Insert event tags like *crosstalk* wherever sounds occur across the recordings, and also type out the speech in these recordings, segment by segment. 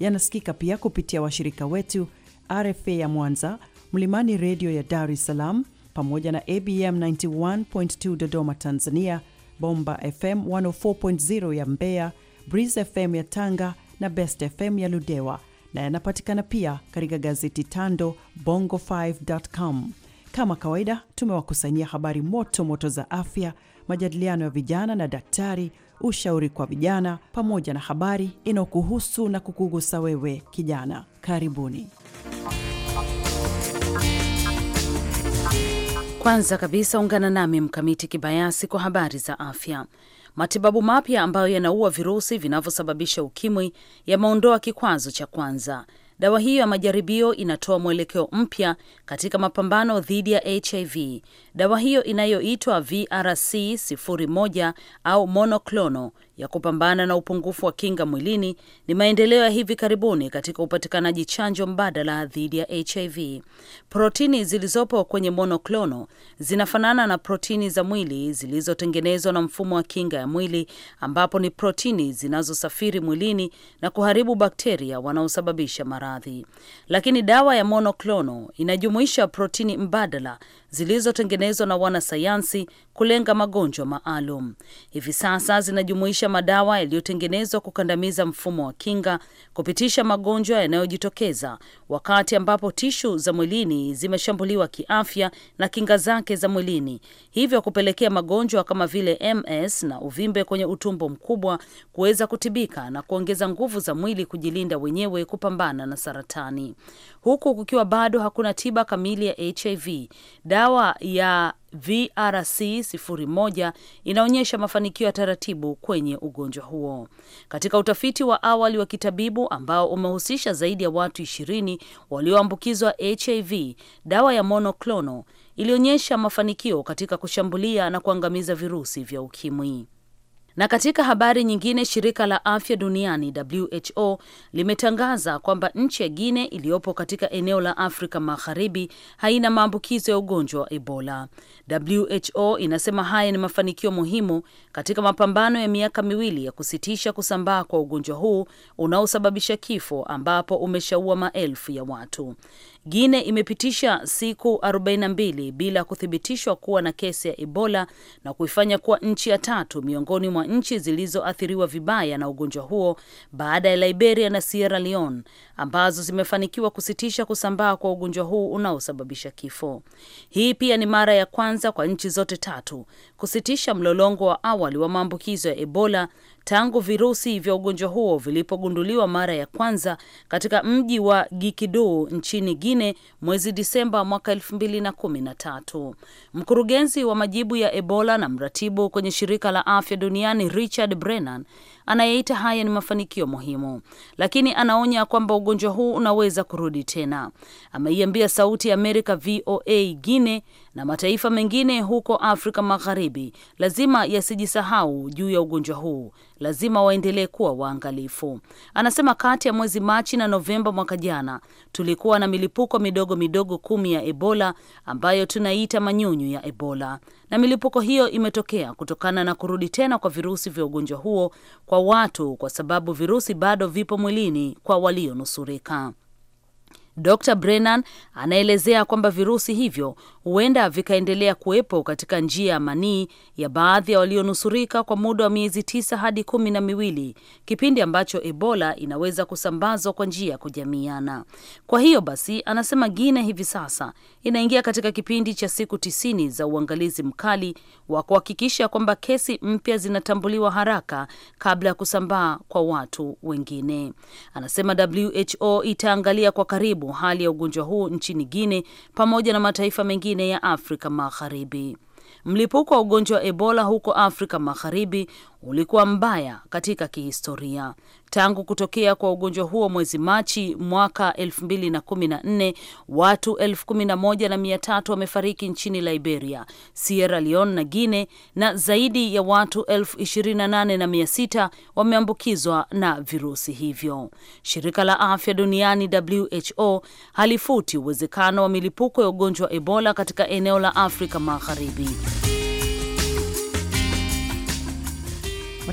yanasikika pia kupitia washirika wetu RFA ya Mwanza, Mlimani Redio ya Dar es Salaam, pamoja na ABM 91.2 Dodoma Tanzania, Bomba FM 104.0 ya Mbeya, briz FM ya Tanga na Best FM ya Ludewa, na yanapatikana pia katika gazeti Tando Bongo5.com. Kama kawaida, tumewakusanyia habari moto moto za afya majadiliano ya vijana na daktari, ushauri kwa vijana, pamoja na habari inayokuhusu na kukugusa wewe kijana. Karibuni. Kwanza kabisa ungana nami Mkamiti Kibayasi kwa habari za afya. Matibabu mapya ambayo yanaua virusi vinavyosababisha ukimwi yameondoa kikwazo cha kwanza Dawa hiyo ya majaribio inatoa mwelekeo mpya katika mapambano dhidi ya HIV. Dawa hiyo inayoitwa VRC01 au monoclono ya kupambana na upungufu wa kinga mwilini ni maendeleo ya hivi karibuni katika upatikanaji chanjo mbadala dhidi ya HIV. Protini zilizopo kwenye monoklono zinafanana na protini za mwili zilizotengenezwa na mfumo wa kinga ya mwili, ambapo ni protini zinazosafiri mwilini na kuharibu bakteria wanaosababisha maradhi. Lakini dawa ya monoklono inajumuisha protini mbadala zilizotengenezwa na wanasayansi kulenga magonjwa maalum. Hivi sasa zinajumuisha kupitisha madawa yaliyotengenezwa kukandamiza mfumo wa kinga, kupitisha magonjwa yanayojitokeza wakati ambapo tishu za mwilini zimeshambuliwa kiafya na kinga zake za mwilini, hivyo kupelekea magonjwa kama vile MS na uvimbe kwenye utumbo mkubwa kuweza kutibika na kuongeza nguvu za mwili kujilinda wenyewe kupambana na saratani, huku kukiwa bado hakuna tiba kamili ya HIV. Dawa ya VRC 01 inaonyesha mafanikio ya taratibu kwenye ugonjwa huo. Katika utafiti wa awali wa kitabibu ambao umehusisha zaidi ya watu 20 walioambukizwa HIV, dawa ya monoclono ilionyesha mafanikio katika kushambulia na kuangamiza virusi vya ukimwi. Na katika habari nyingine, shirika la afya duniani WHO limetangaza kwamba nchi ya Guine iliyopo katika eneo la Afrika Magharibi haina maambukizo ya ugonjwa wa Ebola. WHO inasema haya ni mafanikio muhimu katika mapambano ya miaka miwili ya kusitisha kusambaa kwa ugonjwa huu unaosababisha kifo ambapo umeshaua maelfu ya watu. Guine imepitisha siku 42 bila kuthibitishwa kuwa na kesi ya Ebola na kuifanya kuwa nchi ya tatu miongoni mwa nchi zilizoathiriwa vibaya na ugonjwa huo baada ya Liberia na Sierra Leone ambazo zimefanikiwa kusitisha kusambaa kwa ugonjwa huu unaosababisha kifo. Hii pia ni mara ya kwanza kwa nchi zote tatu kusitisha mlolongo wa awali wa maambukizo ya Ebola tangu virusi vya ugonjwa huo vilipogunduliwa mara ya kwanza katika mji wa Gikiduu nchini Guine mwezi Disemba mwaka tatu Mkurugenzi wa majibu ya Ebola na mratibu kwenye shirika la afya duniani Richard Brennan anayeita haya ni mafanikio muhimu, lakini anaonya kwamba ugonjwa huu unaweza kurudi tena. Ameiambia Sauti ya Amerika VOA Guine na mataifa mengine huko Afrika Magharibi lazima yasijisahau juu ya ugonjwa huu, lazima waendelee kuwa waangalifu. Anasema kati ya mwezi Machi na Novemba mwaka jana tulikuwa na milipuko midogo midogo kumi ya Ebola ambayo tunaita manyunyu ya Ebola, na milipuko hiyo imetokea kutokana na kurudi tena kwa virusi vya ugonjwa huo kwa watu, kwa sababu virusi bado vipo mwilini kwa walionusurika. Dr Brennan anaelezea kwamba virusi hivyo huenda vikaendelea kuwepo katika njia ya manii ya baadhi ya walionusurika kwa muda wa miezi tisa hadi kumi na miwili, kipindi ambacho Ebola inaweza kusambazwa kwa njia ya kujamiana. Kwa hiyo basi, anasema Guinea hivi sasa inaingia katika kipindi cha siku tisini za uangalizi mkali wa kuhakikisha kwamba kesi mpya zinatambuliwa haraka kabla ya kusambaa kwa watu wengine. Anasema WHO itaangalia kwa karibu hali ya ugonjwa huu nchini guine pamoja na mataifa mengine ya Afrika Magharibi. Mlipuko wa ugonjwa wa Ebola huko Afrika Magharibi ulikuwa mbaya katika kihistoria tangu kutokea kwa ugonjwa huo mwezi Machi mwaka 2014, watu 11,300 wamefariki nchini Liberia, Sierra Leone na guine na zaidi ya watu 28,600 wameambukizwa na virusi hivyo. Shirika la Afya Duniani WHO halifuti uwezekano wa milipuko ya ugonjwa wa Ebola katika eneo la Afrika Magharibi.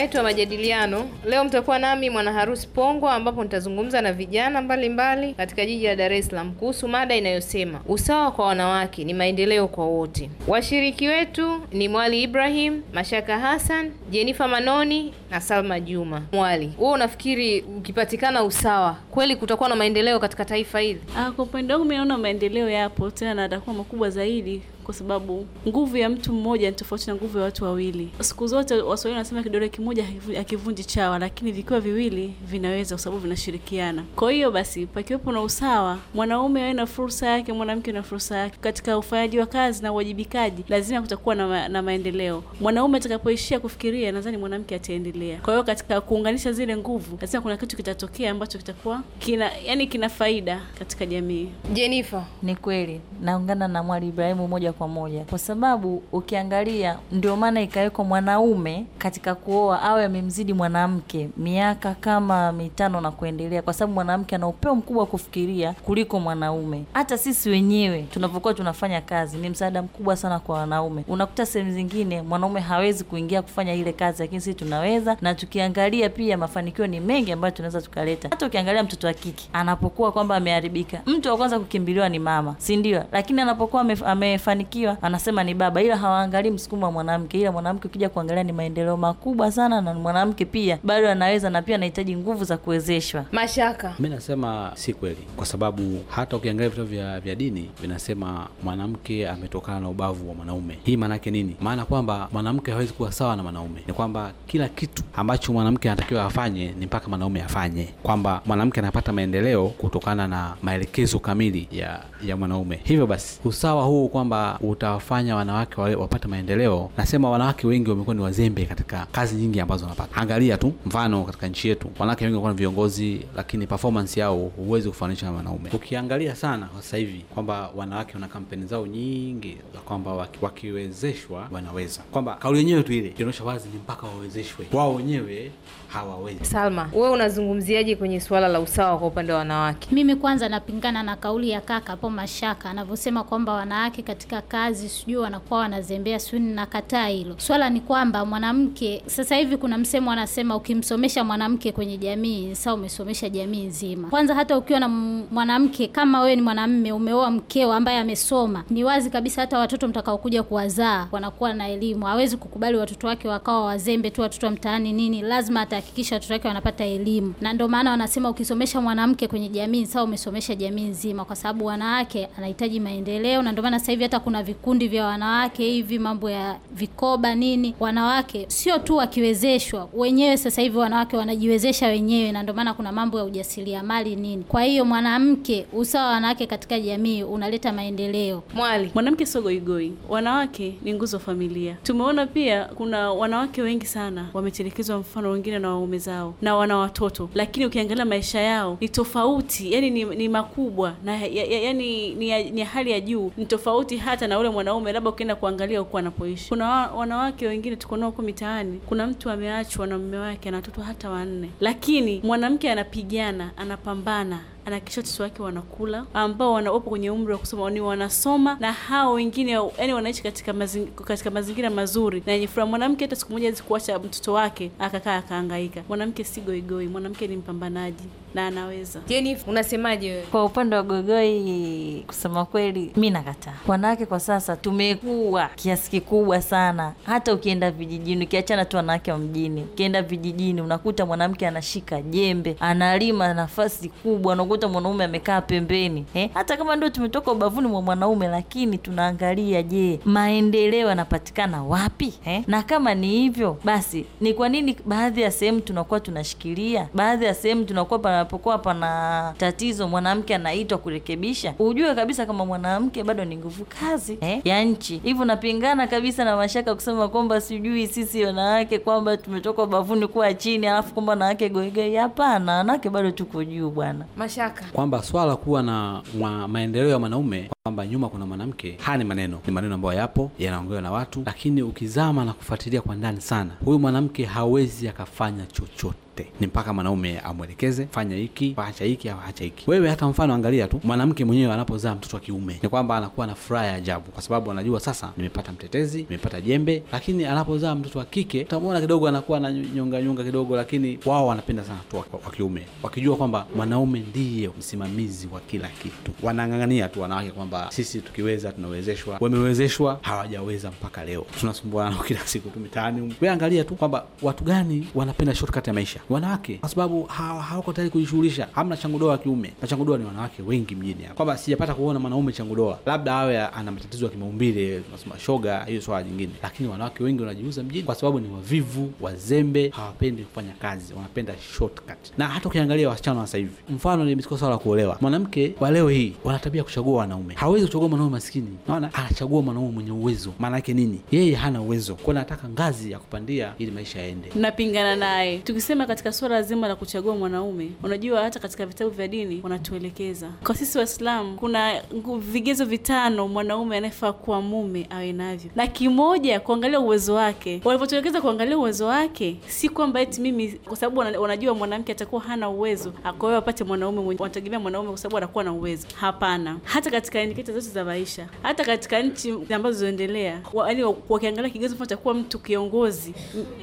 yetu ya majadiliano leo mtakuwa nami Mwana Harusi Pongwa, ambapo nitazungumza na vijana mbalimbali mbali katika jiji la Dar es Salaam kuhusu mada inayosema usawa kwa wanawake ni maendeleo kwa wote. Washiriki wetu ni Mwali Ibrahim, Mashaka Hassan, Jenifa Manoni na Salma Juma. Mwali, wewe unafikiri ukipatikana usawa kweli kutakuwa na maendeleo katika taifa hili? Ah, kwa upande wangu naona maendeleo yapo, tena atakuwa makubwa zaidi kwa sababu nguvu ya mtu mmoja ni tofauti na nguvu ya watu wawili. Siku zote Waswahili wanasema kidole kimoja hakivunji chawa, lakini vikiwa viwili vinaweza, kwa sababu vinashirikiana. Kwa hiyo basi, pakiwepo na usawa, mwanaume awe na fursa yake, mwanamke na fursa yake katika ufanyaji wa kazi na uwajibikaji, lazima kutakuwa na, ma na maendeleo. Mwanaume atakapoishia kufikiria, nadhani mwanamke ataendelea. Kwa hiyo katika kuunganisha zile nguvu, lazima kuna kitu kitatokea ambacho kitakuwa kina, yani kina faida katika jamii. Jennifer, ni kweli naungana na Mwalimu Ibrahimu moja kwa moja, kwa sababu ukiangalia, ndio maana ikawekwa mwanaume katika kuoa awe amemzidi mwanamke miaka kama mitano na kuendelea, kwa sababu mwanamke ana upeo mkubwa wa kufikiria kuliko mwanaume. Hata sisi wenyewe tunapokuwa tunafanya kazi ni msaada mkubwa sana kwa wanaume. Unakuta sehemu zingine mwanaume hawezi kuingia kufanya ile kazi, lakini sisi tunaweza, na tukiangalia pia mafanikio ni mengi ambayo tunaweza tukaleta. Hata ukiangalia mtoto wa kike anapokuwa kwamba ameharibika, mtu wa kwanza kukimbiliwa ni mama, si ndio? Lakini anapokuwa amefanikiwa amefanikiwa anasema ni baba, ila hawaangalii msukumo wa mwanamke, ila mwanamke ukija kuangalia ni maendeleo makubwa sana, na mwanamke pia bado anaweza na pia anahitaji nguvu za kuwezeshwa. Mashaka, mimi nasema si kweli, kwa sababu hata ukiangalia vitabu vya, vya dini vinasema mwanamke ametokana na ubavu wa mwanaume. Hii maana yake nini? Maana kwamba mwanamke hawezi kuwa sawa na mwanaume, ni kwamba kila kitu ambacho mwanamke anatakiwa afanye ni mpaka mwanaume afanye, kwamba mwanamke anapata maendeleo kutokana na maelekezo kamili ya ya mwanaume. Hivyo basi usawa huu kwamba utawafanya wanawake wale wapate maendeleo, nasema wanawake wengi wamekuwa ni wazembe katika kazi nyingi ambazo wanapata. Angalia tu mfano katika nchi yetu, wanawake wengi wanakuwa ni viongozi, lakini performance yao huwezi kufanisha na wanaume. Ukiangalia sana kwa sasa hivi kwamba wanawake wana kampeni zao nyingi za kwamba waki, wakiwezeshwa wanaweza, kwamba kauli yenyewe tu ile inaonyesha wazi ni mpaka wawezeshwe wao wenyewe hawawezi. Salma, wewe unazungumziaje kwenye suala la usawa kwa upande wa wanawake? Mimi kwanza napingana na kauli ya kaka hapo Mashaka anavyosema kwamba wanawake katika kazi sijui wanakuwa wanazembea, sijui kataa hilo. Swala ni kwamba mwanamke sasa hivi kuna msemo anasema, ukimsomesha mwanamke kwenye jamii sasa umesomesha jamii nzima. Kwanza hata ukiwa na mwanamke kama wewe ni mwanamme umeoa mkeo ambaye amesoma, ni wazi kabisa hata watoto mtakaokuja kuwazaa wanakuwa na elimu. Hawezi kukubali watoto wake wakawa wazembe tu, watoto wa mtaani nini, lazima tutahakikisha watoto wake wanapata elimu, na ndio maana wanasema ukisomesha mwanamke kwenye jamii sawa, umesomesha jamii nzima, kwa sababu wanawake anahitaji maendeleo, na ndio maana sasa hivi hata kuna vikundi vya wanawake hivi, mambo ya vikoba nini, wanawake sio tu wakiwezeshwa wenyewe, sasa hivi wanawake wanajiwezesha wenyewe, na ndio maana kuna mambo ya ujasiriamali nini. Kwa hiyo mwanamke, usawa wa wanawake katika jamii unaleta maendeleo. Mwali, mwanamke sio goigoi, wanawake ni nguzo familia. Tumeona pia kuna wanawake wengi sana wamechelekezwa, mfano wengine na na waume zao na wana watoto, lakini ukiangalia maisha yao ni tofauti, yani ni, ni makubwa na ya, ya, yani ni ya, ni hali ya juu, ni tofauti hata na ule mwanaume, labda ukienda kuangalia huko anapoishi. Kuna wanawake wengine tuko nao huko mitaani, kuna mtu ameachwa na mume wake na watoto hata wanne, lakini mwanamke anapigana, anapambana anahakikisha watoto wake wanakula, ambao wanaopo kwenye umri wa kusoma ni wanasoma, na hao wengine yani wanaishi katika mazing, katika mazingira mazuri na yenye furaha. Mwanamke hata siku moja hawezi kuacha mtoto wake akakaa akaangaika Mwanamke si goigoi, mwanamke ni mpambanaji na anaweza. Jennifer, unasemaje wewe? Kwa upande wa goigoi, kusema kweli mi nakataa. Wanawake kwa sasa tumekuwa kiasi kikubwa sana, hata ukienda vijijini, ukiachana tu wanawake wa mjini, ukienda vijijini unakuta mwanamke anashika jembe, analima nafasi kubwa, unakuta unakuta mwanaume amekaa pembeni eh? Hata kama ndio tumetoka ubavuni mwa mwanaume, lakini tunaangalia, je, maendeleo yanapatikana wapi eh? Na kama ni hivyo basi, ni kwa nini baadhi ya sehemu tunakuwa tunashikilia, baadhi ya sehemu tunakuwa panapokuwa pana tatizo mwanamke anaitwa kurekebisha. Ujue kabisa kama mwanamke bado ni nguvu kazi eh, ya nchi. Hivyo napingana kabisa na mashaka kusema kwamba sijui sisi wanawake kwamba tumetoka ubavuni kuwa chini, alafu kwamba wanawake goigoi. Hapana, wanawake bado tuko juu bwana kaka, kwamba swala kuwa na maendeleo ya mwanaume kwamba nyuma kuna mwanamke, haya ni maneno, ni maneno ambayo yapo yanaongewa na watu, lakini ukizama na kufuatilia kwa ndani sana, huyu mwanamke hawezi akafanya chochote yote ni mpaka mwanaume amwelekeze fanya hiki, acha hiki au acha hiki. Wewe hata mfano, angalia tu mwanamke mwenyewe anapozaa mtoto wa kiume, ni kwamba anakuwa na furaha ya ajabu, kwa sababu anajua sasa nimepata mtetezi, nimepata jembe. Lakini anapozaa mtoto wa kike, utamwona kidogo anakuwa na nyonga nyonga kidogo, lakini wao wanapenda sana tu wa kiume, wakijua kwamba mwanaume ndiye msimamizi wa kila kitu. Wanang'ang'ania tu wanawake kwamba sisi tukiweza tunawezeshwa, wamewezeshwa hawajaweza mpaka leo, tunasumbuana *laughs* kila siku tu mitaani. Wewe angalia tu kwamba watu gani wanapenda shortcut ya maisha wanawake, kwa sababu hawako tayari kujishughulisha. Hamna changudoa wa kiume na changudoa ni wanawake wengi mjini hapa, kwamba sijapata kuona mwanaume changudoa, labda awe ana matatizo ya kimaumbile, tunasema shoga, hiyo swala jingine, lakini wanawake wengi wanajiuza mjini kwa sababu ni wavivu, wazembe, hawapendi kufanya kazi, wanapenda shortcut. Na hata ukiangalia wasichana wa sasa hivi, mfano nimetoka swala la kuolewa, mwanamke wa leo hii wana tabia kuchagua wanaume, hawezi kuchagua mwanaume maskini, naona anachagua mwanaume mwenye uwezo. Maana yake nini? Yeye hana uwezo, kwa nataka ngazi ya kupandia ili maisha yaende, napingana naye tukisema katika suala zima la kuchagua mwanaume, unajua hata katika vitabu vya dini wanatuelekeza kwa sisi Waislamu kuna vigezo vitano mwanaume anayefaa kuwa mume awe navyo, na kimoja kuangalia uwezo wake. Walivyotuelekeza kuangalia uwezo wake, si kwamba eti mimi kwa sababu wanajua mwanamke atakuwa hana uwezo, kwa hiyo apate mwanaume, wanategemea mwanaume kwa sababu anakuwa na uwezo. Hapana, hata katika indiketa zote za maisha, hata katika nchi ambazo zinaendelea, wakiangalia kigezo cha kuwa mtu kiongozi,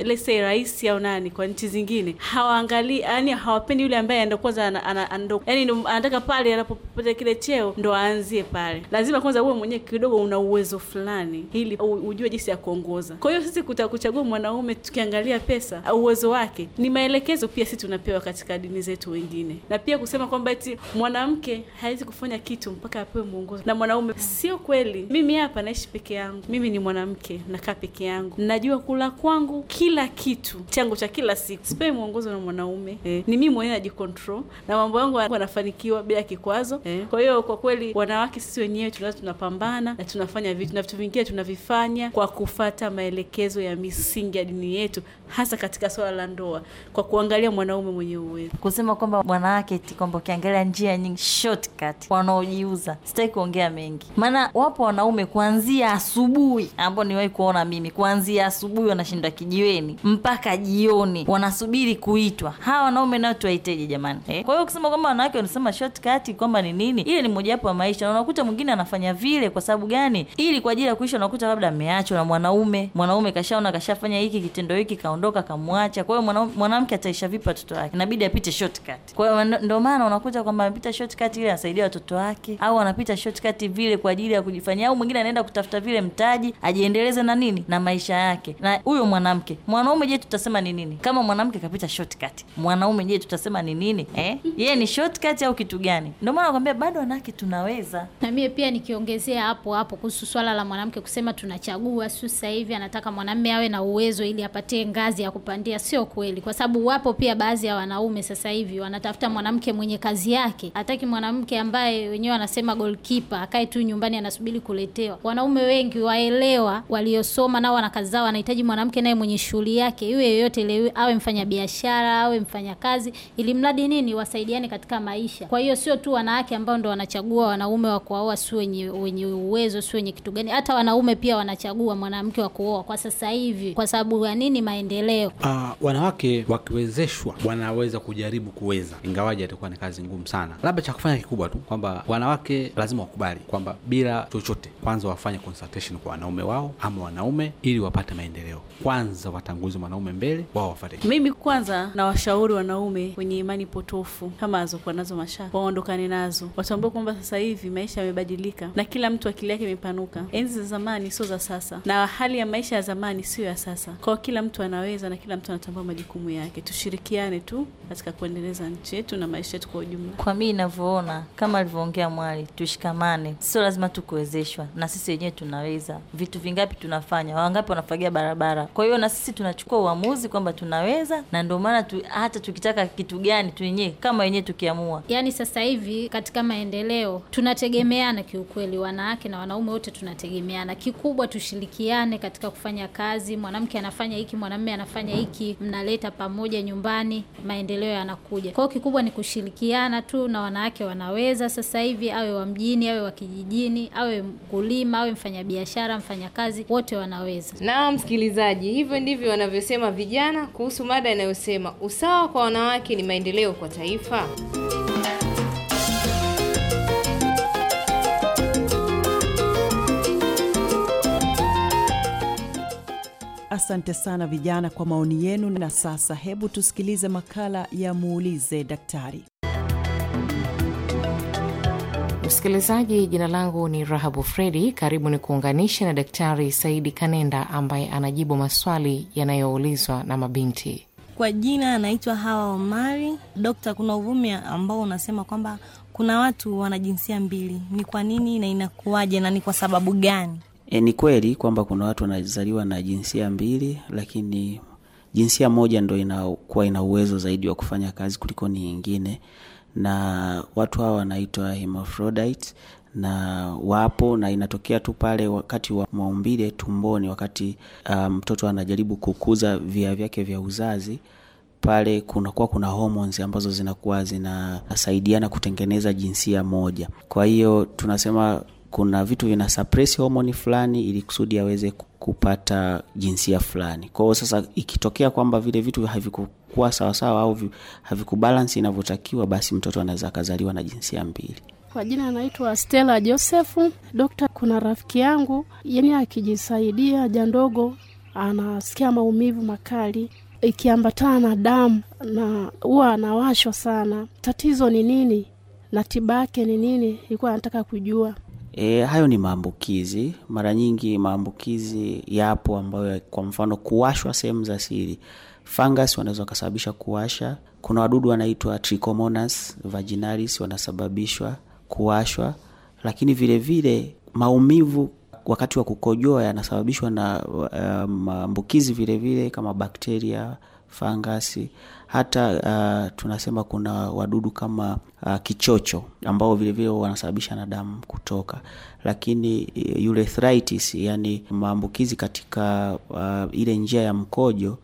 let's say rais au nani, kwa nchi zingine hawaangalii, yani hawapendi yule ambaye anaenda kwanza anando, yani anataka pale anapopata kile cheo ndo aanzie pale. Lazima kwanza uwe mwenyewe kidogo una uwezo fulani, ili ujue jinsi ya kuongoza. Kwa hiyo sisi kutakuchagua mwanaume tukiangalia pesa au uwezo wake, ni maelekezo pia sisi tunapewa katika dini zetu wengine, na pia kusema kwamba ti mwanamke hawezi kufanya kitu mpaka apewe mwongozo na mwanaume, sio kweli. Mimi hapa naishi peke yangu, mimi ni mwanamke, nakaa peke yangu, najua kula kwangu, kila kitu changu cha kila siku, kuongozwa na mwanaume eh. Ni mimi mwenyewe najikontrol na mambo yangu wanafanikiwa bila kikwazo eh. Kwa hiyo kwa kweli wanawake sisi wenyewe tunazo, tunapambana na tunafanya vitu na vitu vingine tunavifanya kwa kufata maelekezo ya misingi ya dini yetu hasa katika swala la ndoa, kwa kuangalia mwanaume mwenye uwezo. Kusema kwamba mwanawake ti kwamba ukiangalia njia nyingi shortcut wanaojiuza, sitaki kuongea mengi, maana wapo wanaume kuanzia asubuhi ambao niwahi kuona mimi, kuanzia asubuhi wanashinda kijiweni mpaka jioni wanasubiri kuitwa. Hawa wanaume nao tuwaiteje jamani eh? Kwa hiyo kusema kwamba wanawake wanasema shortcut kwamba ni nini, ile ni mojawapo ya maisha, na unakuta mwingine anafanya vile kwa sababu gani? Ili kwa ajili ya kuisha. Unakuta labda ameachwa na mwanaume, mwanaume kashaona, kashafanya hiki kitendo hiki, kaondoka akaondoka akamwacha. Kwa hiyo mwanamke ataisha vipi watoto wake? Inabidi apite shortcut. Kwa hiyo ndio maana unakuta kwamba anapita shortcut ile anasaidia watoto wake, au anapita shortcut vile kwa ajili ya kujifanyia, au mwingine anaenda kutafuta vile mtaji ajiendeleze na nini na maisha yake. Na huyo mwanamke, mwanaume je, tutasema ni nini? Kama mwanamke kapita shortcut, mwanaume je, tutasema ni nini eh? Yeye ni shortcut au kitu gani? Ndio maana nakwambia bado wanawake tunaweza. Na mimi pia nikiongezea hapo hapo kuhusu swala la mwanamke kusema tunachagua, sio sasa hivi anataka mwanamume awe na uwezo ili apatie nga ngazi ya kupandia, sio kweli, kwa sababu wapo pia baadhi ya wanaume sasa hivi wanatafuta mwanamke mwenye kazi yake, hataki mwanamke ambaye wenyewe anasema goalkeeper akae tu nyumbani anasubiri kuletewa. Wanaume wengi waelewa, waliosoma nao wana kazi zao, wanahitaji mwanamke naye mwenye shughuli yake, iwe yoyote ile, awe mfanya biashara awe mfanya kazi, ili mradi nini, wasaidiane katika maisha. Kwa hiyo sio tu wanawake ambao ndo wanachagua wanaume wa kuoa, si wenye wenye uwezo, si wenye kitu gani. Hata wanaume pia wanachagua mwanamke wa kuoa kwa sasa hivi, kwa sababu ya nini? maendeleo maendeleo. Uh, wanawake wakiwezeshwa wanaweza kujaribu kuweza, ingawaji atakuwa ni kazi ngumu sana. Labda cha kufanya kikubwa tu kwamba wanawake lazima wakubali kwamba bila chochote, kwanza wafanye consultation kwa wanaume wao ama wanaume, ili wapate maendeleo. Kwanza watangulize mwanaume mbele, wao wafate. Mimi kwanza nawashauri wanaume wenye imani potofu kama azokuwa nazo Mashaka waondokane nazo, watambue kwamba sasa hivi maisha yamebadilika na kila mtu akili yake imepanuka. Enzi za zamani sio za sasa, na hali ya maisha ya zamani siyo ya sasa, kwao kila mtu ana tunaweza na kila mtu anatambua majukumu yake, tushirikiane tu katika kuendeleza nchi yetu na maisha yetu kwa ujumla. Kwa mimi ninavyoona, kama alivyoongea Mwali, tushikamane, sio lazima tukuwezeshwa, na sisi wenyewe tunaweza. Vitu vingapi tunafanya, wangapi wanafagia barabara? Kwa hiyo na sisi tunachukua uamuzi kwamba tunaweza, na ndio maana tu, hata tukitaka kitu gani tu wenyewe kama wenyewe tukiamua, yani sasa hivi katika maendeleo tunategemeana kiukweli, wanawake na wanaume wote tunategemeana. Kikubwa tushirikiane katika kufanya kazi, mwanamke anafanya hiki, mwanamume anafanya hiki, mnaleta pamoja nyumbani, maendeleo yanakuja. Kwa hiyo kikubwa ni kushirikiana tu, na wanawake wanaweza sasa hivi, awe wa mjini, awe wa kijijini, awe mkulima, awe mfanyabiashara, mfanyakazi, wote wanaweza. Na msikilizaji, hivyo ndivyo wanavyosema vijana kuhusu mada inayosema usawa kwa wanawake ni maendeleo kwa taifa. Asante sana vijana kwa maoni yenu. Na sasa hebu tusikilize makala ya muulize daktari. Msikilizaji, jina langu ni Rahabu Fredi. Karibu ni kuunganisha na Daktari Saidi Kanenda ambaye anajibu maswali yanayoulizwa na mabinti. Kwa jina anaitwa Hawa Omari. Dokta, kuna uvumi ambao unasema kwamba kuna watu wana jinsia mbili, ni kwa nini na inakuwaje na ni kwa sababu gani? E, ni kweli kwamba kuna watu wanazaliwa na jinsia mbili, lakini jinsia moja ndo inakuwa ina uwezo zaidi wa kufanya kazi kuliko ni nyingine, na watu hawa wanaitwa hermaphrodite na wapo na inatokea tu pale wakati wa maumbile tumboni, wakati um, mtoto um, anajaribu kukuza via vyake vya uzazi pale kunakuwa kuna hormones ambazo zinakuwa zinasaidiana kutengeneza jinsia moja. Kwa hiyo tunasema kuna vitu vina suppress homoni fulani ili kusudi aweze kupata jinsia fulani. Kwa sasa ikitokea kwamba vile vitu havikukuwa sawasawa au havikubalansi inavyotakiwa, basi mtoto anaweza akazaliwa na jinsia mbili. Kwa jina anaitwa Stella Josefu. Dokta, kuna rafiki yangu yani akijisaidia haja ndogo anasikia maumivu makali ikiambatana na damu na huwa anawashwa sana. Tatizo ni nini na tiba yake ni nini? Ilikuwa anataka kujua. E, hayo ni maambukizi. Mara nyingi maambukizi yapo ambayo kwa mfano kuwashwa sehemu za siri. Fungus wanaweza wakasababisha kuwasha. Kuna wadudu wanaitwa Trichomonas vaginalis wanasababishwa kuwashwa, lakini vile vile maumivu wakati wa kukojoa yanasababishwa na eh, maambukizi um, vile vile kama bakteria fangasi hata uh, tunasema kuna wadudu kama uh, kichocho ambao vilevile wanasababisha na damu kutoka, lakini yule uh, yani maambukizi katika uh, ile njia ya mkojo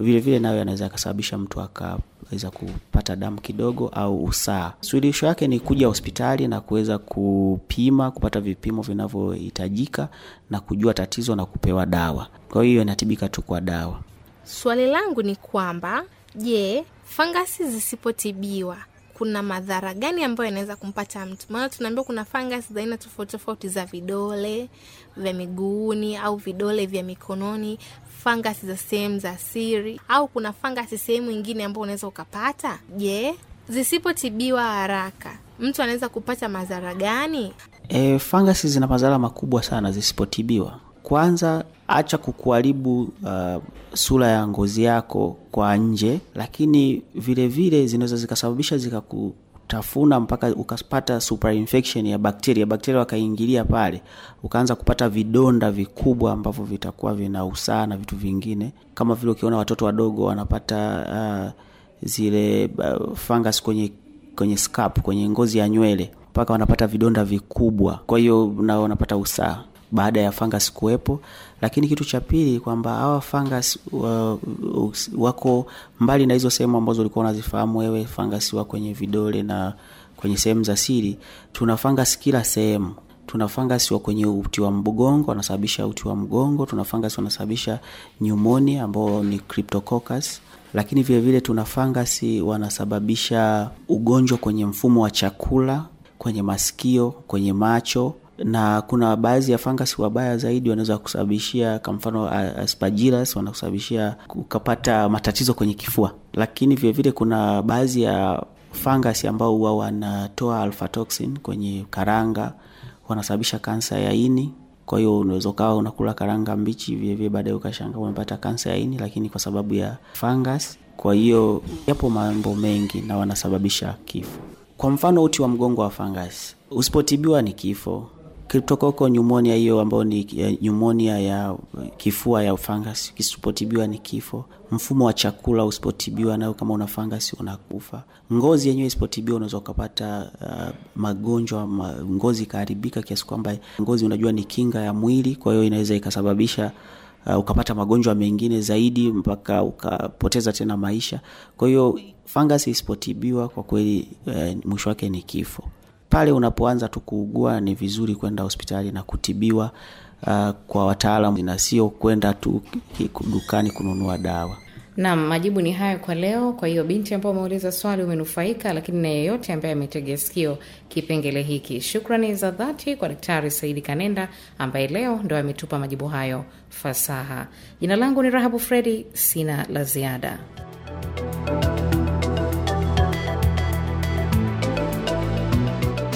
vilevile nayo yanaweza akasababisha mtu akaweza kupata damu kidogo au usaa. Suluhisho yake ni kuja hospitali na kuweza kupima, kupata vipimo vinavyohitajika na kujua tatizo na kupewa dawa. Kwa hiyo inatibika tu kwa dawa. Swali langu ni kwamba je, fangasi zisipotibiwa kuna madhara gani ambayo yanaweza kumpata mtu? Maana tunaambiwa kuna fangasi za aina tofauti tofauti za vidole vya miguuni au vidole vya mikononi, fangasi za sehemu za siri, au kuna fangasi sehemu ingine ambayo unaweza ukapata. Je, zisipotibiwa haraka mtu anaweza kupata madhara gani? E, fangasi zina madhara makubwa sana zisipotibiwa kwanza acha kukuharibu uh, sura ya ngozi yako kwa nje, lakini vilevile zinaweza zikasababisha zikaku tafuna mpaka ukapata super infection ya bakteria, bakteria wakaingilia pale, ukaanza kupata vidonda vikubwa ambavyo vitakuwa vinausaa na vitu vingine, kama vile ukiona watoto wadogo wanapata uh, zile uh, fungus kwenye kwenye scalp, kwenye ngozi ya nywele mpaka wanapata vidonda vikubwa, kwa hiyo nao wanapata usaa baada ya fangas kuwepo lakini kitu cha pili kwamba hawa fangas uh, wako mbali na hizo sehemu ambazo ulikuwa unazifahamu wewe fangas wa kwenye vidole na kwenye sehemu za siri tuna fangas kila sehemu tuna fangas wa kwenye uti wa mgongo wanasababisha uti wa mgongo tuna fangas wanasababisha pneumonia ambao ni cryptococcus lakini vile vile tuna fangas wanasababisha ugonjwa kwenye mfumo wa chakula kwenye masikio kwenye macho na kuna baadhi ya fangasi wabaya zaidi wanaweza kusababishia kwa mfano aspergillus wanakusababishia ukapata matatizo kwenye kifua lakini vilevile kuna baadhi ya fangasi ambao huwa wanatoa alfatoxin kwenye karanga wanasababisha kansa ya ini kwa hiyo unaweza ukawa unakula karanga mbichi vilevile baadaye ukashanga umepata kansa ya ini lakini kwa sababu ya fangas kwa hiyo yapo mambo mengi na wanasababisha kifo kwa mfano uti wa mgongo wa fangas usipotibiwa ni kifo Kitokoko nyumonia hiyo ambayo ni nyumonia ya kifua ya fangas kisipotibiwa ni kifo. Mfumo wa chakula usipotibiwa nao, kama una fangas unakufa. Ngozi yenyewe isipotibiwa, unaweza ukapata uh, magonjwa ma, ngozi ikaharibika kiasi kwamba ngozi, unajua ni kinga ya mwili, kwa hiyo inaweza ikasababisha Uh, ukapata magonjwa mengine zaidi mpaka ukapoteza tena maisha. Kwa hiyo fangasi isipotibiwa kwa kweli, uh, mwisho wake ni kifo pale unapoanza tu kuugua ni vizuri kwenda hospitali na kutibiwa uh, kwa wataalam na sio kwenda tu dukani kununua dawa. nam majibu ni hayo kwa leo. Kwa hiyo binti ambao umeuliza swali umenufaika, lakini na yeyote ambaye ametegea sikio kipengele hiki, shukrani za dhati kwa Daktari Saidi Kanenda ambaye leo ndo ametupa majibu hayo fasaha. Jina langu ni Rahabu Fredi, sina la ziada.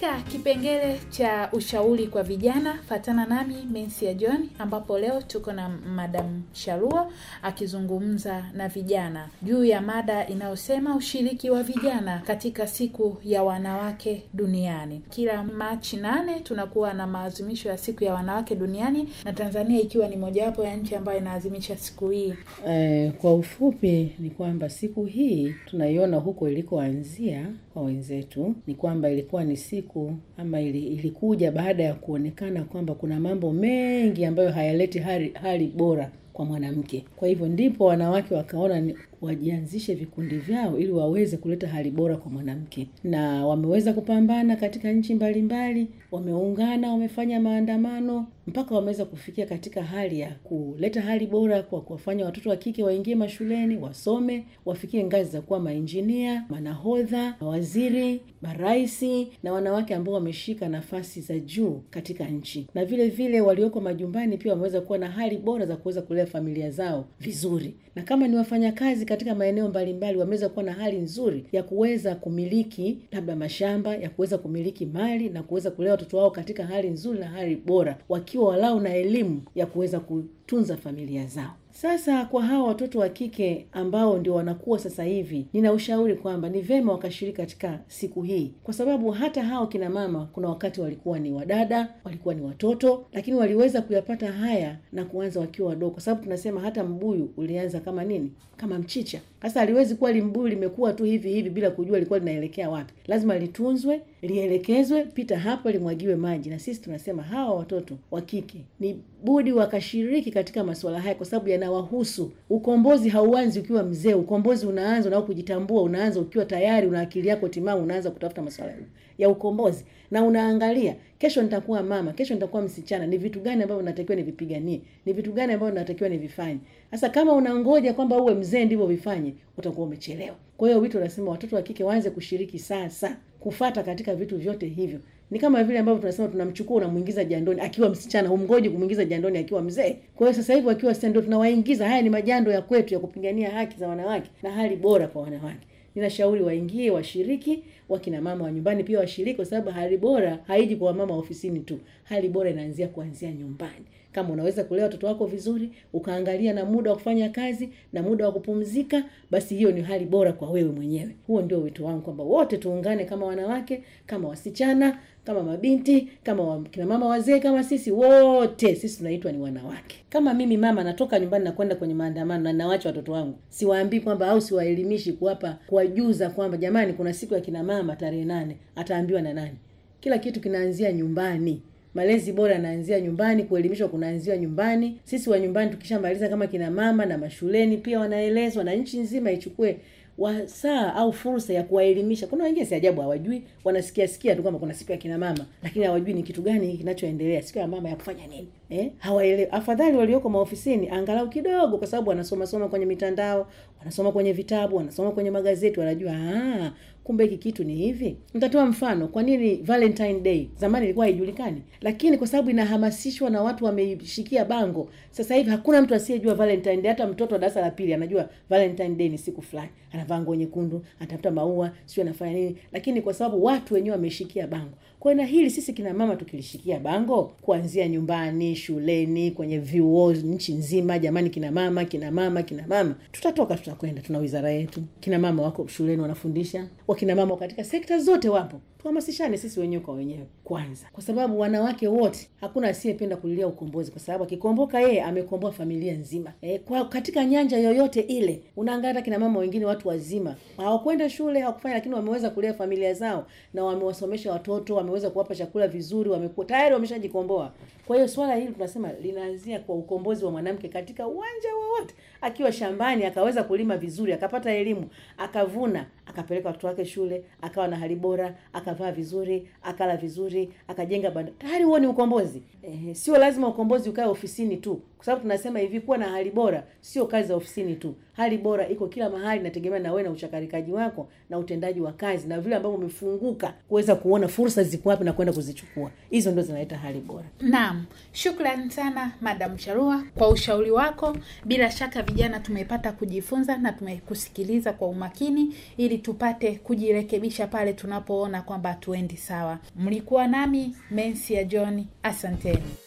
Katika kipengele cha ushauri kwa vijana, fatana nami Mensia John, ambapo leo tuko na Madam sharua akizungumza na vijana juu ya mada inayosema ushiriki wa vijana katika siku ya wanawake duniani. Kila Machi nane tunakuwa na maazimisho ya siku ya wanawake duniani na Tanzania ikiwa ni mojawapo ya nchi ambayo inaazimisha siku hii. Eh, kwa ufupi ni kwamba siku hii tunaiona huko ilikoanzia kwa wenzetu, ni kwamba ilikuwa ni siku siku ama ili, ilikuja baada ya kuonekana kwamba kuna mambo mengi ambayo hayaleti hali, hali bora kwa mwanamke. Kwa hivyo ndipo wanawake wakaona ni wajianzishe vikundi vyao ili waweze kuleta hali bora kwa mwanamke, na wameweza kupambana katika nchi mbalimbali, wameungana, wamefanya maandamano mpaka wameweza kufikia katika hali ya kuleta hali bora kwa kuwafanya watoto wa kike waingie mashuleni, wasome, wafikie ngazi za kuwa mainjinia, manahodha, mawaziri, maraisi na wanawake ambao wameshika nafasi za juu katika nchi, na vile vile walioko majumbani pia wameweza kuwa na hali bora za kuweza kulea familia zao vizuri, na kama ni wafanyakazi katika maeneo mbalimbali wameweza kuwa na hali nzuri ya kuweza kumiliki labda mashamba, ya kuweza kumiliki mali na kuweza kulea watoto wao katika hali nzuri na hali bora, wakiwa walau na elimu ya kuweza kutunza familia zao. Sasa kwa hawa watoto wa kike ambao ndio wanakuwa sasa hivi, nina ushauri kwamba ni vema wakashiriki katika siku hii, kwa sababu hata hao kina mama kuna wakati walikuwa ni wadada, walikuwa ni watoto, lakini waliweza kuyapata haya na kuanza wakiwa wadogo, kwa sababu tunasema hata mbuyu ulianza kama nini, kama mchicha. Sasa aliwezi kuwa limbuyu limekuwa tu hivi hivi bila kujua lilikuwa linaelekea wapi, lazima litunzwe lielekezwe, pita hapa, limwagiwe maji. Na sisi tunasema hawa watoto wa kike ni budi wakashiriki katika masuala haya, kwa sababu yanawahusu. Ukombozi hauanzi ukiwa mzee, ukombozi unaanza na kujitambua, unaanza ukiwa tayari una akili yako timamu, unaanza kutafuta masuala ya ukombozi na unaangalia kesho nitakuwa mama, kesho nitakuwa msichana, ni vitu gani ambavyo natakiwa nivipiganie, ni vitu gani ambavyo natakiwa nivifanye. Sasa kama unangoja kwamba uwe mzee ndivyo vifanye, utakuwa umechelewa. Kwa hiyo wito unasema watoto wa kike waanze kushiriki sasa kufata katika vitu vyote hivyo. Ni kama vile ambavyo tunasema tunamchukua unamwingiza jandoni akiwa msichana, humngoji kumwingiza jandoni akiwa mzee. Kwa hiyo sasa hivi akiwa msichana tunawaingiza. Haya ni majando ya kwetu ya kupigania haki za wanawake na hali bora kwa wanawake. Ninashauri waingie, washiriki, wakina mama wa nyumbani pia washiriki, kwa sababu hali bora haiji kwa wamama ofisini tu. Hali bora inaanzia kuanzia nyumbani kama unaweza kulea watoto wako vizuri, ukaangalia na muda wa kufanya kazi na muda wa kupumzika, basi hiyo ni hali bora kwa wewe mwenyewe. Huo ndio wito wangu kwamba wote tuungane kama wanawake, kama wasichana, kama mabinti, kama kina mama wazee, kama sisi wote, sisi tunaitwa ni wanawake. Kama mimi mama natoka nyumbani na kwenda kwenye maandamano na nawacha watoto wangu, siwaambii kwamba au siwaelimishi kuwapa, kuwajuza kwamba jamani, kuna siku ya kina mama tarehe nane, ataambiwa na nani? Kila kitu kinaanzia nyumbani. Malezi bora yanaanzia nyumbani, kuelimishwa kunaanzia nyumbani. Sisi wa nyumbani tukishamaliza kama kina mama na mashuleni pia wanaelezwa, na nchi nzima ichukue wasaa au fursa ya kuwaelimisha. Kuna wengine si ajabu hawajui, wanasikia sikia tu kwamba kuna siku ya kina mama, lakini hawajui ni kitu gani kinachoendelea, siku ya mama ya kufanya nini eh? Hawaelewi. Afadhali walioko maofisini angalau kidogo, kwa sababu wanasoma soma kwenye mitandao, wanasoma kwenye vitabu, wanasoma kwenye magazeti, wanajua ah, kumbe hiki kitu ni hivi. Nitatoa mfano, kwa nini Valentine Day zamani ilikuwa haijulikani, lakini kwa sababu inahamasishwa na watu wameishikia bango, sasa hivi hakuna mtu asiyejua Valentine Day. Hata mtoto wa darasa la pili anajua Valentine Day ni siku fulani, anavaa nguo nyekundu, anatafuta maua, sio anafanya nini, lakini kwa sababu watu wenyewe wameshikia bango kwa na hili sisi kina mama tukilishikia bango kuanzia nyumbani, shuleni, kwenye vyuo nchi nzima, jamani kina mama, kina mama, kina mama, tutatoka tutakwenda, tuna wizara yetu. Kina mama wako shuleni wanafundisha, wakina mama katika sekta zote wapo tuhamasishane sisi wenyewe kwa wenyewe kwanza, kwa sababu wanawake wote hakuna asiyependa kulilia ukombozi, kwa sababu akikomboka yeye amekomboa familia nzima. E, kwa katika nyanja yoyote ile unaangalia kina mama wengine watu wazima hawakwenda shule hawakufanya, lakini wameweza kulea familia zao na wamewasomesha watoto, wameweza kuwapa chakula vizuri, wamekuwa tayari wameshajikomboa. Kwa hiyo swala hili tunasema linaanzia kwa ukombozi wa mwanamke katika uwanja wowote, akiwa shambani akaweza kulima vizuri, akapata elimu, akavuna akapeleka watoto wake shule, akawa na hali bora, akavaa vizuri, akala vizuri, akajenga banda. Tayari huo ni ukombozi. Eh, sio lazima ukombozi ukae ofisini tu kwa sababu tunasema hivi, kuwa na hali bora sio kazi za ofisini tu. Hali bora iko kila mahali, nategemea na wewe na uchakarikaji wako na utendaji wa kazi na vile ambavyo umefunguka kuweza kuona fursa ziko wapi na kwenda kuzichukua. Hizo ndio zinaleta hali bora. Naam, shukrani sana Madam Charua kwa ushauri wako. Bila shaka vijana tumepata kujifunza na tumekusikiliza kwa umakini, ili tupate kujirekebisha pale tunapoona kwamba hatuendi sawa. Mlikuwa nami Mensi ya John, asanteni.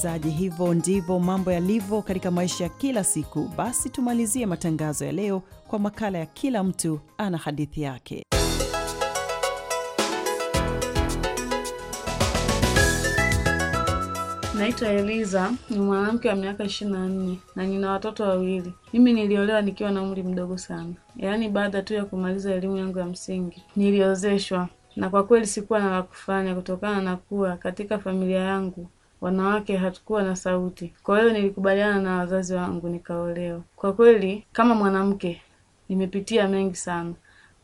msikilizaji, hivyo ndivyo mambo yalivyo katika maisha ya kila siku. Basi tumalizie matangazo ya leo kwa makala ya kila mtu ana hadithi yake. Naitwa Eliza, ni mwanamke wa miaka ishirini na nne na nina watoto wawili. Mimi niliolewa nikiwa na umri mdogo sana, yaani baada tu ya kumaliza elimu yangu ya msingi niliozeshwa, na kwa kweli sikuwa na la kufanya kutokana na kuwa katika familia yangu wanawake hatukuwa na sauti. Kwa hiyo nilikubaliana na wazazi wangu nikaolewa. Kwa kweli, kama mwanamke nimepitia mengi sana.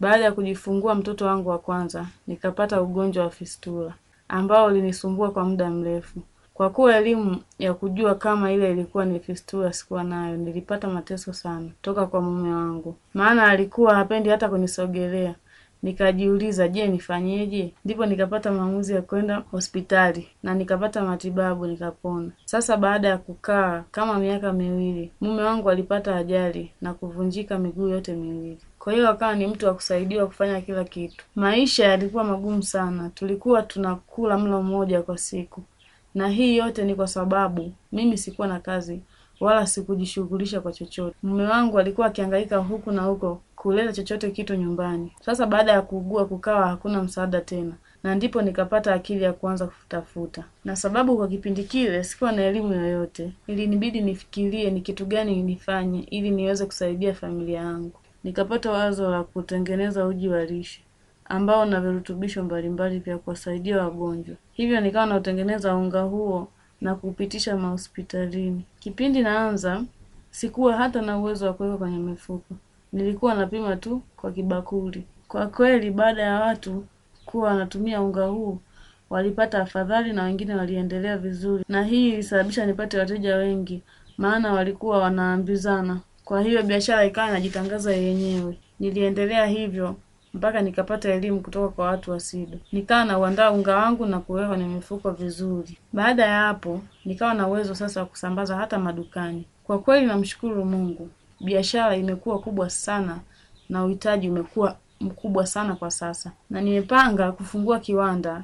Baada ya kujifungua mtoto wangu wa kwanza, nikapata ugonjwa wa fistula ambao ulinisumbua kwa muda mrefu. Kwa kuwa elimu ya kujua kama ile ilikuwa ni fistula sikuwa nayo, nilipata mateso sana toka kwa mume wangu, maana alikuwa hapendi hata kunisogelea. Nikajiuliza je, nifanyeje? Ndipo nikapata maamuzi ya kwenda hospitali na nikapata matibabu nikapona. Sasa baada ya kukaa kama miaka miwili, mume wangu alipata ajali na kuvunjika miguu yote miwili. Kwa hiyo akawa ni mtu wa kusaidiwa kufanya kila kitu. Maisha yalikuwa magumu sana, tulikuwa tunakula mlo mmoja kwa siku, na hii yote ni kwa sababu mimi sikuwa na kazi wala sikujishughulisha kwa chochote. Mume wangu alikuwa akihangaika huku na huko kuleta chochote kitu nyumbani. Sasa baada ya kuugua kukawa hakuna msaada tena, na ndipo nikapata akili ya kuanza kufutafuta, na sababu kwa kipindi kile sikuwa na elimu yoyote, ilinibidi nifikirie ni kitu gani nifanye ili niweze kusaidia familia yangu. Nikapata wazo la kutengeneza uji wa lishe ambao na virutubisho mbalimbali vya kuwasaidia wagonjwa. Hivyo nikawa nautengeneza unga huo na kupitisha mahospitalini. Kipindi naanza sikuwa hata na uwezo wa kuweka kwenye mifuko, nilikuwa napima tu kwa kibakuli. Kwa kweli, baada ya watu kuwa wanatumia unga huu walipata afadhali na wengine waliendelea vizuri, na hii ilisababisha nipate wateja wengi, maana walikuwa wanaambizana. Kwa hiyo biashara ikawa inajitangaza yenyewe. Niliendelea hivyo mpaka nikapata elimu kutoka kwa watu wa SIDO. Nikawa nauandaa unga wangu na kuweka kwenye mifuko vizuri. Baada ya hapo, nikawa na uwezo sasa wa kusambaza hata madukani. Kwa kweli namshukuru Mungu, biashara imekuwa kubwa sana na uhitaji umekuwa mkubwa sana kwa sasa, na nimepanga kufungua kiwanda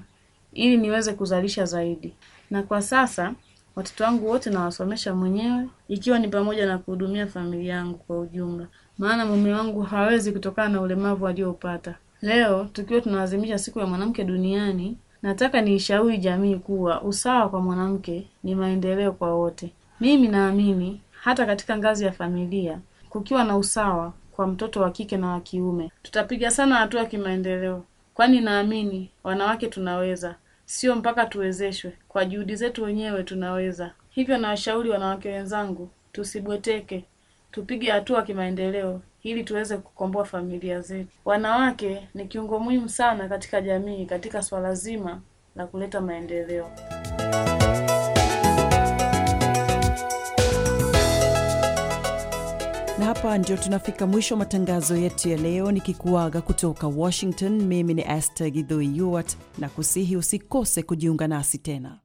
ili niweze kuzalisha zaidi. Na kwa sasa watoto wangu wote nawasomesha mwenyewe, ikiwa ni pamoja na kuhudumia familia yangu kwa ujumla maana mume wangu hawezi kutokana na ulemavu aliopata Leo tukiwa tunaadhimisha siku ya mwanamke duniani, nataka niishauri jamii kuwa usawa kwa mwanamke ni maendeleo kwa wote. Mimi naamini hata katika ngazi ya familia kukiwa na usawa kwa mtoto wa kike na wa kiume, tutapiga sana hatua kimaendeleo, kwani naamini wanawake tunaweza, sio mpaka tuwezeshwe, kwa juhudi zetu wenyewe tunaweza. Hivyo nawashauri wanawake wenzangu, tusibweteke, tupige hatua kimaendeleo ili tuweze kukomboa familia zetu. Wanawake ni kiungo muhimu sana katika jamii katika swala zima la kuleta maendeleo. Na hapa ndio tunafika mwisho matangazo yetu ya leo, nikikuaga kutoka Washington. Mimi ni Esther Gidhui na kusihi usikose kujiunga nasi tena.